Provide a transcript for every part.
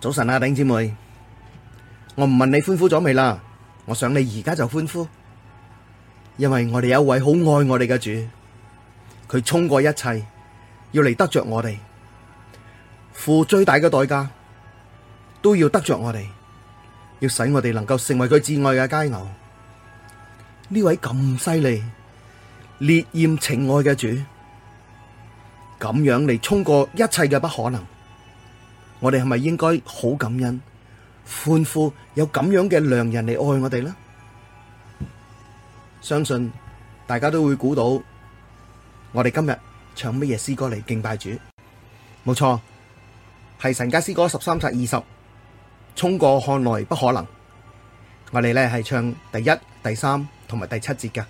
早晨啊，頂姐妹，我唔問你歡呼咗未啦，我想你而家就歡呼，因為我哋有一位好愛我哋嘅主，佢衝過一切，要嚟得着我哋，付最大嘅代價，都要得着我哋，要使我哋能夠成為佢至愛嘅佳偶。呢位咁犀利、烈焰情愛嘅主，咁樣嚟衝過一切嘅不可能。我哋係咪應該好感恩、歡呼有咁樣嘅良人嚟愛我哋呢？相信大家都會估到，我哋今日唱乜嘢詩歌嚟敬拜主？冇錯，係神家詩歌十三冊二十，衝過看來不可能。我哋咧係唱第一、第三同埋第七節嘅。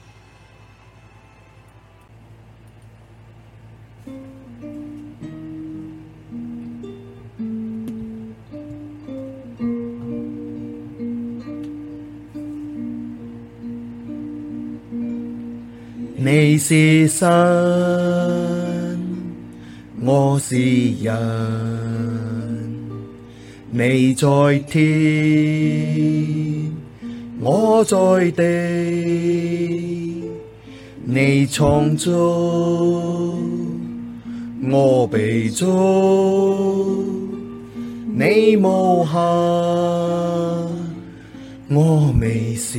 是神，我是人，你在天，我在地，你創造，我被造，你無限，我微小。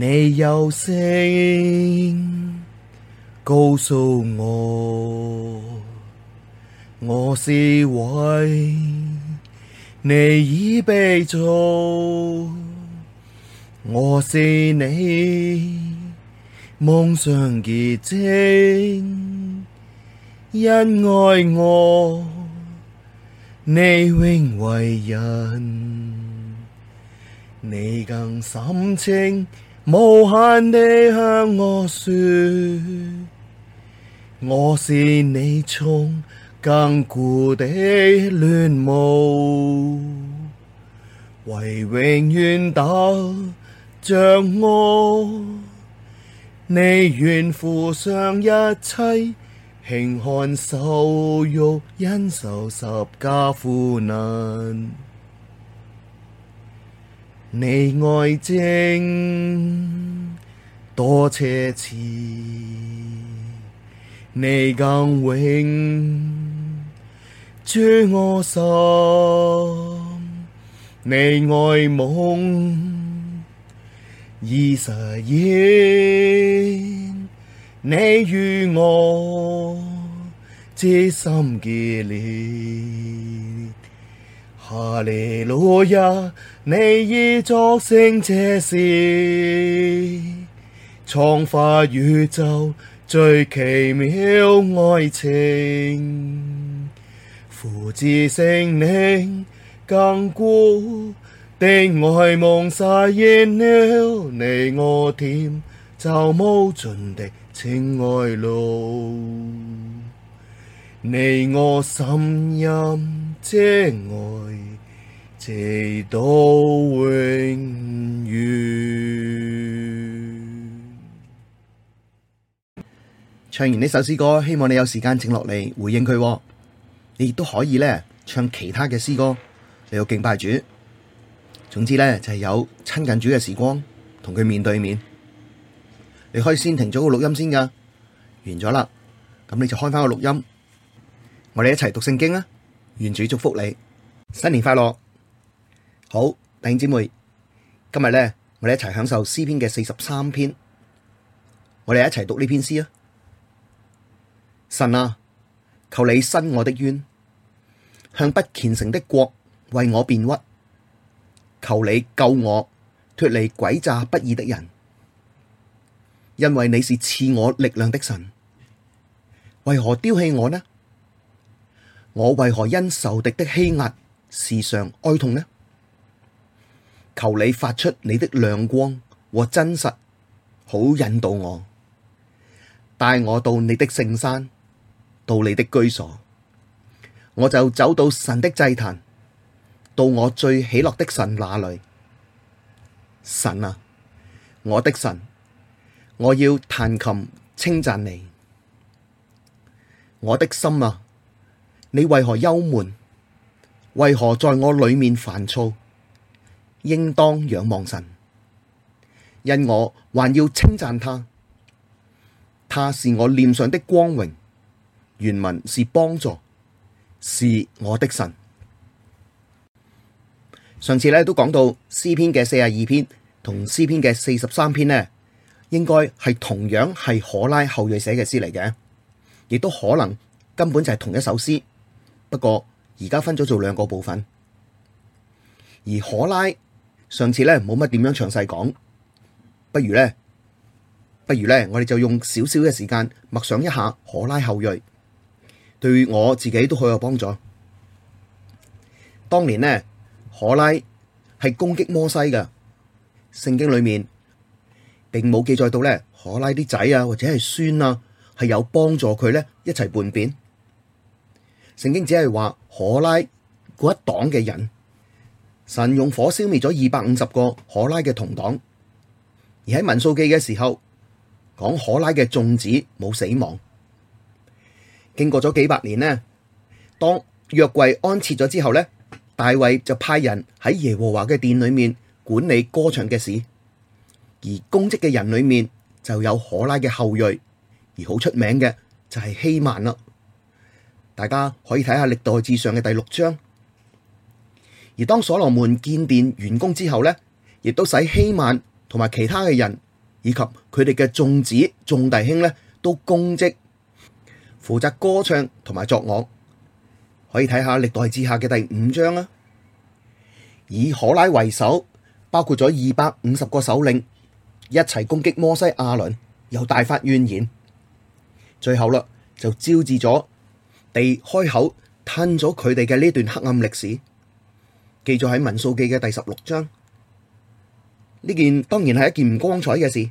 你柔聲告訴我，我是為你而被造。我是你夢想結晶，因愛我，你永為人，你更深情，無限地向我說，我是你從亙古的戀慕，為永遠得著我，你願付上一切，輕看羞辱，忍受十架苦難。你愛證多奢侈，你更永住我心。你愛夢已實現，你與我至深結連。哈利路亞，你已作成這事，創化宇宙最奇妙愛情，父子聖靈亙古的愛夢實現了，你我甜走無盡的情愛路。你我深飲這愛，直到永遠。唱完呢首詩歌，希望你有時間靜落嚟回應佢喎。你亦都可以咧唱其他嘅詩歌，你有敬拜主。總之咧就係、是、有親近主嘅時光，同佢面對面。你可以先停咗個錄音先噶，完咗啦，咁你就開翻個錄音。我哋一齊讀聖經啊！願主祝福你，新年快樂。好，弟兄姊妹，今日咧，我哋一齊享受詩篇嘅四十三篇。我哋一齊讀呢篇詩啊！神啊，求你伸我的冤，向不虔誠的國為我辨屈。求你救我脫離詭詐不義的人，因為你是賜我力量的神。為何丟棄我呢？我為何因仇敵的欺壓時常哀痛呢？求你發出你的亮光和真實，好引導我，帶我到你的聖山，到你的居所，我就走到神的祭壇，到我最喜樂的神那裡。神啊，我的神，我要彈琴稱讚你。我的心啊！你為何憂悶？為何在我裏面煩躁？應當仰望神，因我還要稱讚他，他是我臉上的光榮。原文是幫助，是我的神。上次咧都講到詩篇嘅四十二篇同詩篇嘅四十三篇呢，應該係同樣係可拉後裔寫嘅詩嚟嘅，亦都可能根本就係同一首詩。不過而家分咗做兩個部分，而可拉上次咧冇乜點樣詳細講，不如咧不如咧我哋就用少少嘅時間默想一下可拉後裔，對我自己都好有幫助。當年呢，可拉係攻擊摩西嘅，聖經裏面並冇記載到咧可拉啲仔啊或者係孫啊係有幫助佢咧一齊叛變。聖經只係話可拉嗰一黨嘅人，神用火消滅咗二百五十個可拉嘅同黨。而喺民數記嘅時候，講可拉嘅眾子冇死亡。經過咗幾百年呢，當約櫃安設咗之後呢，大衛就派人喺耶和華嘅殿裏面管理歌唱嘅事。而公職嘅人裏面就有可拉嘅後裔，而好出名嘅就係希曼啦。大家可以睇下《歷代志》上嘅第六章，而當所羅門建殿完工之後呢，亦都使希曼同埋其他嘅人以及佢哋嘅眾子眾弟兄呢，都供職，負責歌唱同埋作樂。可以睇下《歷代志》下嘅第五章啦，以可拉為首，包括咗二百五十個首領，一齊攻擊摩西亞倫，又大發怨言，最後啦就招致咗。地開口吞咗佢哋嘅，呢段黑暗歷史，記載喺《民數記》嘅第十六章。呢件當然係一件唔光彩嘅事，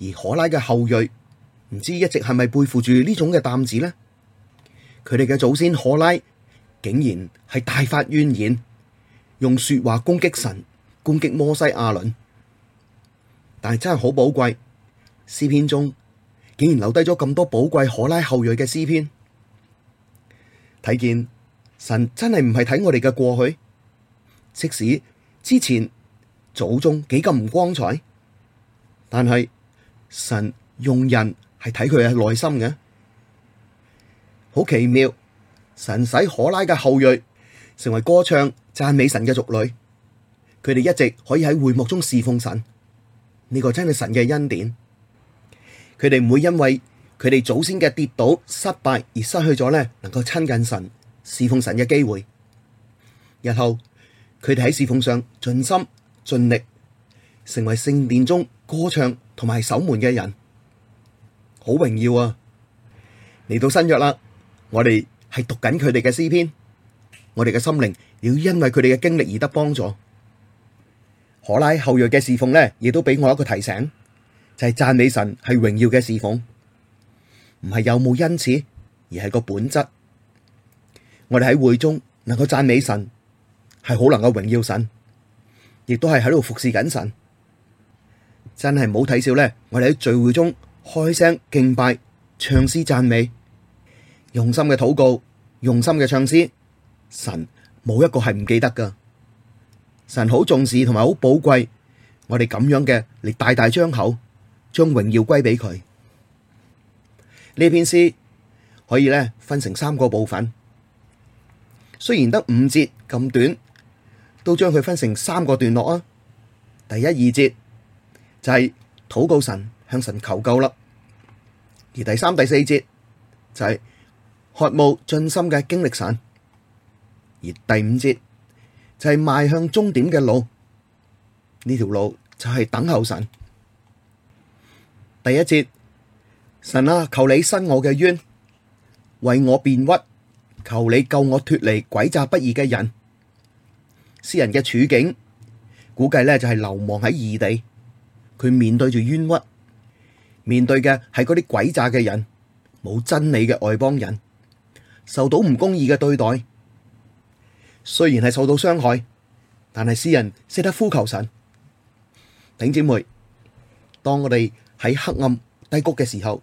而可拉嘅後裔唔知一直係咪背負住呢種嘅擔子呢？佢哋嘅祖先可拉竟然係大發怨言，用說話攻擊神，攻擊摩西亞倫。但係真係好寶貴，詩篇中竟然留低咗咁多寶貴可拉後裔嘅詩篇。睇見神真係唔係睇我哋嘅過去，即使之前祖宗幾咁唔光彩，但係神用人係睇佢嘅內心嘅，好奇妙。神使可拉嘅後裔成為歌唱讚美神嘅族類，佢哋一直可以喺會幕中侍奉神，呢個真係神嘅恩典。佢哋唔會因為。佢哋祖先嘅跌倒、失敗而失去咗咧，能夠親近神、侍奉神嘅機會。日後佢哋喺侍奉上盡心盡力，成為聖殿中歌唱同埋守門嘅人，好榮耀啊！嚟到新約啦，我哋係讀緊佢哋嘅詩篇，我哋嘅心靈要因為佢哋嘅經歷而得幫助。可拉後裔嘅侍奉呢，亦都俾我一個提醒，就係、是、讚美神係榮耀嘅侍奉。唔係有冇因此，而係個本質。我哋喺會中能夠讚美神，係好能夠榮耀神，亦都係喺度服侍緊神。真係唔好睇笑呢，我哋喺聚會中開聲敬拜、唱詩讚美、用心嘅禱告、用心嘅唱詩，神冇一個係唔記得噶。神好重視同埋好寶貴我哋咁樣嘅，力大大張口，將榮耀歸俾佢。呢篇詩可以咧分成三個部分，雖然得五節咁短，都將佢分成三個段落啊。第一二節就係、是、禱告神，向神求救啦。而第三第四節就係、是、渴慕盡心嘅經歷神，而第五節就係、是、邁向終點嘅路。呢條路就係等候神。第一節。神啊，求你伸我嘅冤，為我辨屈，求你救我脫離詭詐不義嘅人。詩人嘅處境估計咧就係流亡喺異地，佢面對住冤屈，面對嘅係嗰啲詭詐嘅人，冇真理嘅外邦人，受到唔公義嘅對待。雖然係受到傷害，但係詩人識得呼求神。頂姐妹，當我哋喺黑暗低谷嘅時候。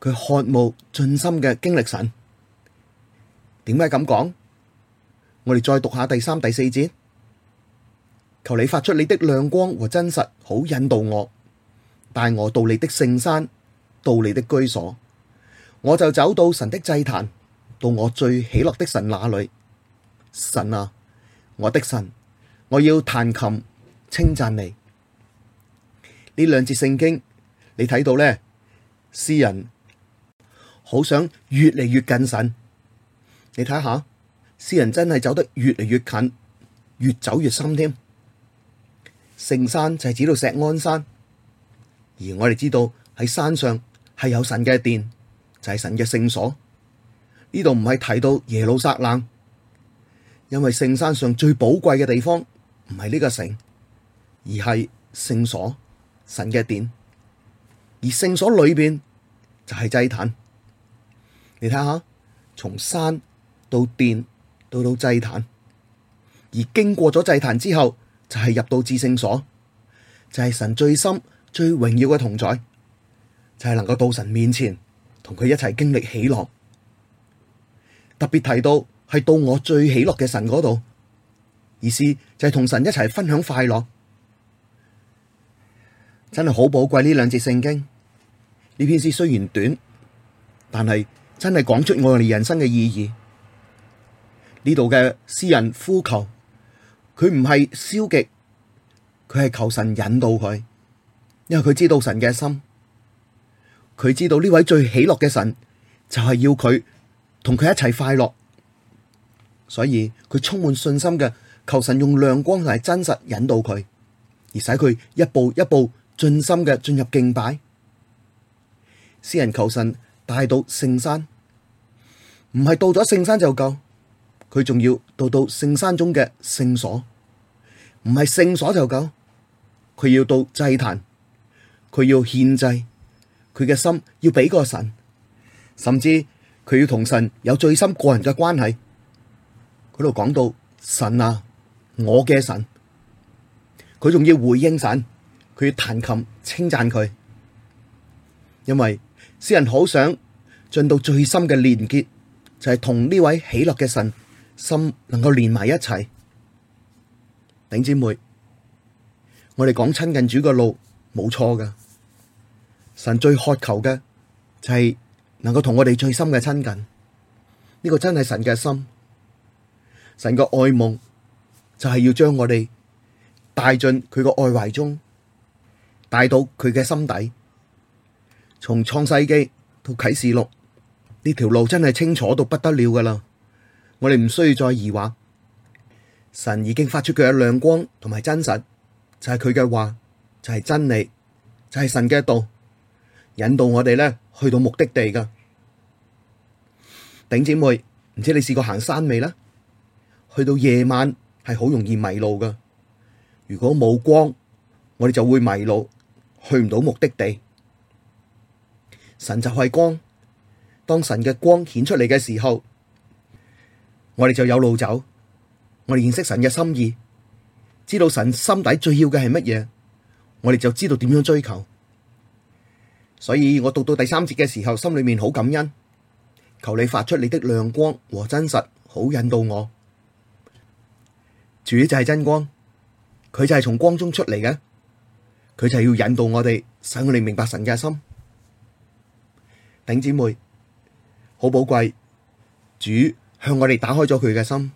佢渴慕盡心嘅經歷神，點解咁講？我哋再讀下第三、第四節，求你發出你的亮光和真實，好引導我，帶我到你的聖山，到你的居所，我就走到神的祭壇，到我最喜樂的神那裡。神啊，我的神，我要彈琴稱讚你。呢兩節聖經，你睇到呢，詩人。好想越嚟越近神，你睇下，詩人真係走得越嚟越近，越走越深添。聖山就係指到錫安山，而我哋知道喺山上係有神嘅殿，就係、是、神嘅聖所。呢度唔係提到耶路撒冷，因為聖山上最寶貴嘅地方唔係呢個城，而係聖所、神嘅殿。而聖所裏邊就係祭壇。你睇下，從山到殿，到到祭壇，而經過咗祭壇之後，就係入到至聖所，就係神最深最榮耀嘅同在，就係能夠到神面前同佢一齊經歷喜樂。特別提到係到我最喜樂嘅神嗰度，意思就係同神一齊分享快樂，真係好寶貴呢兩節聖經。呢篇詩雖然短，但係，真係講出我哋人生嘅意義，呢度嘅詩人呼求，佢唔係消極，佢係求神引導佢，因為佢知道神嘅心，佢知道呢位最喜樂嘅神就係要佢同佢一齊快樂，所以佢充滿信心嘅求神用亮光嚟真實引導佢，而使佢一步一步盡心嘅進入敬拜，詩人求神。帶到聖山，唔係到咗聖山就夠，佢仲要到到聖山中嘅聖所，唔係聖所就夠，佢要到祭壇，佢要獻祭，佢嘅心要俾個神，甚至佢要同神有最深個人嘅關係。佢度講到神啊，我嘅神，佢仲要回應神，佢要彈琴稱讚佢，因為。詩人好想進到最深嘅連結，就係同呢位喜樂嘅神心能夠連埋一齊。頂姊妹，我哋講親近主嘅路冇錯㗎，神最渴求嘅就係、是、能夠同我哋最深嘅親近。呢、這個真係神嘅心，神個愛夢就係、是、要將我哋帶進佢個愛懷中，帶到佢嘅心底。從創世記到啟示錄呢條路真係清楚到不得了噶啦！我哋唔需要再疑惑，神已經發出佢嘅亮光同埋真實，就係佢嘅話，就係真理，就係神嘅道，引導我哋咧去到目的地噶。頂姐妹，唔知你試過行山未啦？去到夜晚係好容易迷路噶，如果冇光，我哋就會迷路，去唔到目的地。神就係光，當神嘅光顯出嚟嘅時候，我哋就有路走，我哋認識神嘅心意，知道神心底最要嘅係乜嘢，我哋就知道點樣追求。所以我讀到第三節嘅時候，心裡面好感恩，求你發出你的亮光和真實，好引導我。主就係真光，佢就係從光中出嚟嘅，佢就要引導我哋，使我哋明白神嘅心。頂姐妹，好寶貴，主向我哋打開咗佢嘅心，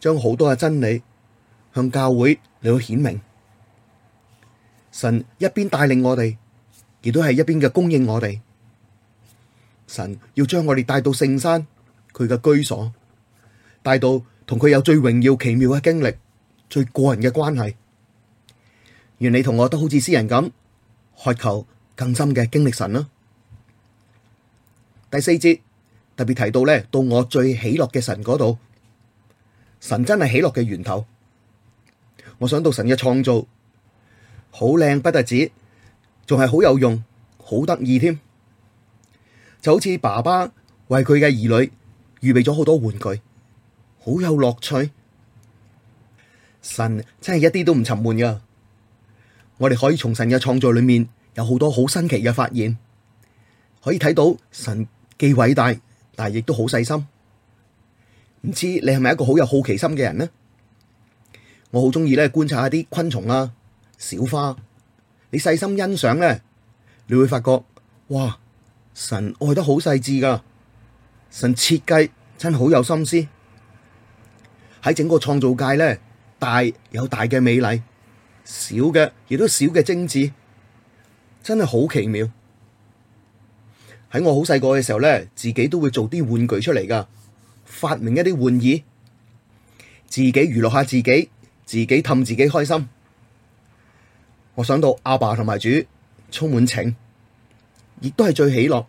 將好多嘅真理向教會嚟,去顯明。神一邊帶領我哋，亦都係一邊嘅供應我哋。神要將我哋帶到聖山，佢嘅居所，帶到同佢有最榮耀奇妙嘅經歷，最個人嘅關係。願你同我都好似詩人咁渴求更深嘅經歷神啦、啊。第四節特別提到咧，到我最喜樂嘅神嗰度，神真係喜樂嘅源頭。我想到神嘅創造好靚不但止，仲係好有用、好得意添，就好似爸爸為佢嘅兒女預備咗好多玩具，好有樂趣。神真係一啲都唔沉悶噶，我哋可以從神嘅創造裏面有好多好新奇嘅發現，可以睇到神。既偉大，但係亦都好細心。唔知你係咪一個好有好奇心嘅人呢？我好鍾意咧觀察下啲昆蟲啦、啊、小花。你細心欣賞咧，你會發覺，哇！神愛得好細緻噶，神設計真係好有心思。喺整個創造界咧，大有大嘅美麗，小嘅亦都小嘅精緻，真係好奇妙。喺我好細個嘅時候咧，自己都會做啲玩具出嚟噶發明一啲玩意，自己娛樂下自己，自己氹自己開心。我想到阿爸同埋主充滿情，亦都係最喜樂，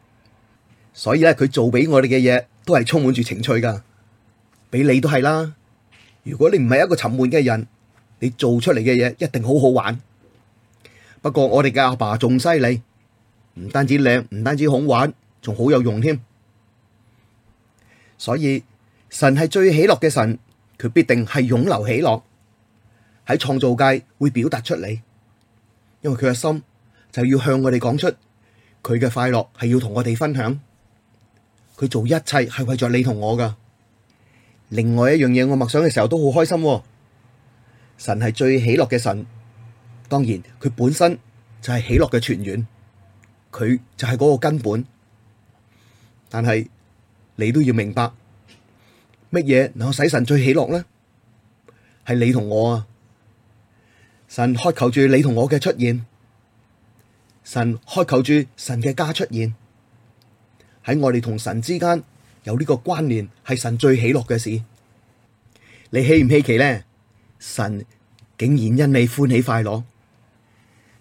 所以咧，佢做俾我哋嘅嘢都係充滿住情趣噶俾你都係啦。如果你唔係一個沉悶嘅人，你做出嚟嘅嘢一定好好玩。不過我哋嘅阿爸仲犀利。唔單止靚，唔單止好玩，仲好有用添。所以神係最喜樂嘅神，佢必定係湧流喜樂喺創造界會表達出嚟，因為佢嘅心就要向我哋講出佢嘅快樂，係要同我哋分享。佢做一切係為咗你同我㗎。另外一樣嘢，我默想嘅時候都好開心。神係最喜樂嘅神，當然佢本身就係喜樂嘅泉源。佢就係嗰個根本，但係你都要明白，乜嘢能夠使神最喜樂呢？係你同我啊！神渴求住你同我嘅出現，神渴求住神嘅家出現。喺我哋同神之間有呢個關聯，係神最喜樂嘅事。你希唔希奇呢？神竟然因你歡喜快樂，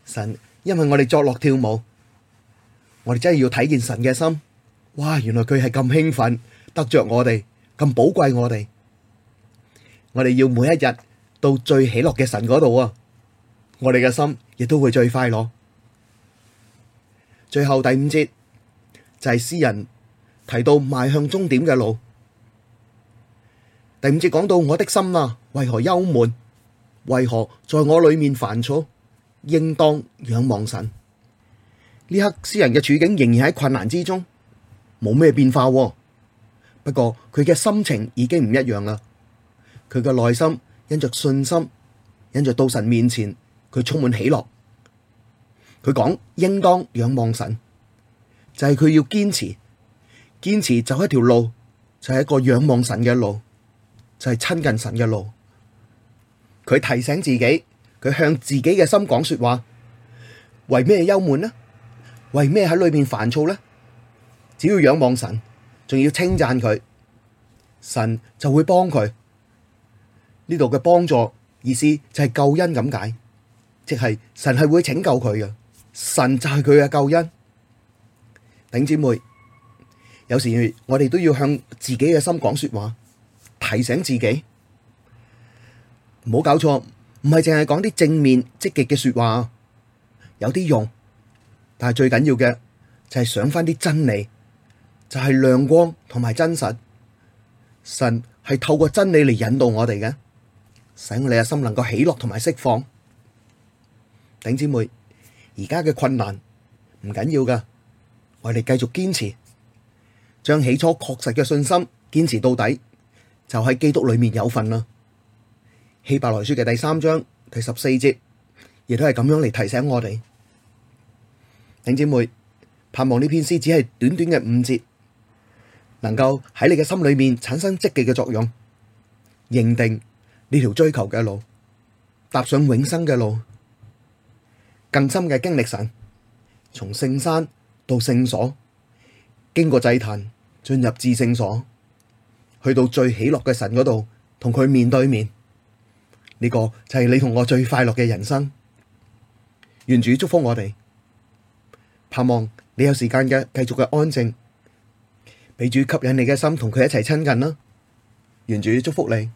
神因為我哋作樂跳舞。我哋真係要體認神嘅心，哇！原來佢係咁興奮，得着我哋咁寶貴我哋。我哋要每一日到最喜樂嘅神嗰度啊！我哋嘅心亦都會最快樂。最後第五節就係詩人提到邁向終點嘅路。第五節講到，我的心啊，為何憂悶？為何在我裏面煩躁？應當仰望神。呢刻詩人嘅處境仍然喺困難之中，冇咩變化，啊。不過佢嘅心情已經唔一樣啦。佢嘅內心因着信心，因着到神面前，佢充滿喜樂。佢講應當仰望神，就係、是、佢要堅持，堅持走一條路，就係、是、一個仰望神嘅路，就係、是、親近神嘅路。佢提醒自己，佢向自己嘅心講說話，為咩憂悶呢？為咩喺裏面煩躁呢？只要仰望神，仲要稱讚佢，神就會幫佢。呢度嘅幫助意思就係救恩咁解，即係神係會拯救佢嘅。神就係佢嘅救恩。弟兄姊妹，有時我哋都要向自己嘅心講說話，提醒自己，唔好搞錯，唔係淨係講啲正面積極嘅說話，有啲用。但係最緊要嘅，就係想翻啲真理，就係亮光同埋真實。神係透過真理嚟引導我哋嘅，使我哋嘅心能夠喜樂同埋釋放。頂姐妹，而家嘅困難唔緊要噶，我哋繼續堅持，將起初確實嘅信心堅持到底，就喺基督裏面有份啦。希伯來書嘅第三章第十四節，亦都係咁樣嚟提醒我哋。頂姐妹，盼望呢篇詩只係短短嘅五節，能夠喺你嘅心裏面產生積極嘅作用，認定呢條追求嘅路，踏上永生嘅路，更深嘅經歷神，從聖山到聖所，經過祭壇進入至聖所，去到最喜樂嘅神嗰度，同佢面對面，呢、這個就係你同我最快樂嘅人生。願主祝福我哋。盼望你有時間嘅繼續嘅安靜，畀主吸引你嘅心，同佢一齊親近啦。願主祝福你。